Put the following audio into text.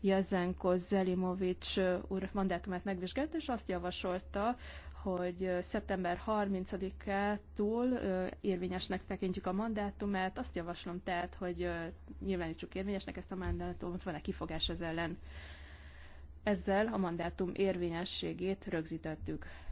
Jezenko Zelimovics úr mandátumát megvizsgált, és azt javasolta, hogy szeptember 30-ától érvényesnek tekintjük a mandátumát. Azt javaslom tehát, hogy nyilvánítsuk érvényesnek ezt a mandátumot, van-e kifogás ez ellen. Ezzel a mandátum érvényességét rögzítettük.